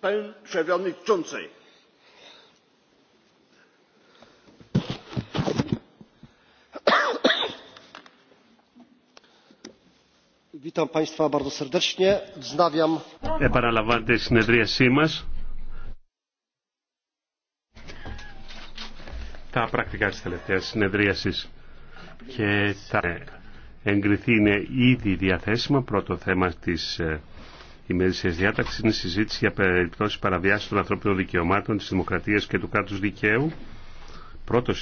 pani przewodniczącej! witam państwa bardzo serdecznie. wznawiam. επαναλαμβάνεται η συνεδρίασή μα. τα πρακτικά της τελευταίας συνεδρίασης και τα εγκριθεί είναι ήδη διαθέσιμα. Πρώτο θέμα της ε, η ημερησία διάταξη είναι συζήτηση για περιπτώσει παραβιάση των ανθρώπινων δικαιωμάτων, τη δημοκρατία και του κράτου δικαίου. Πρώτο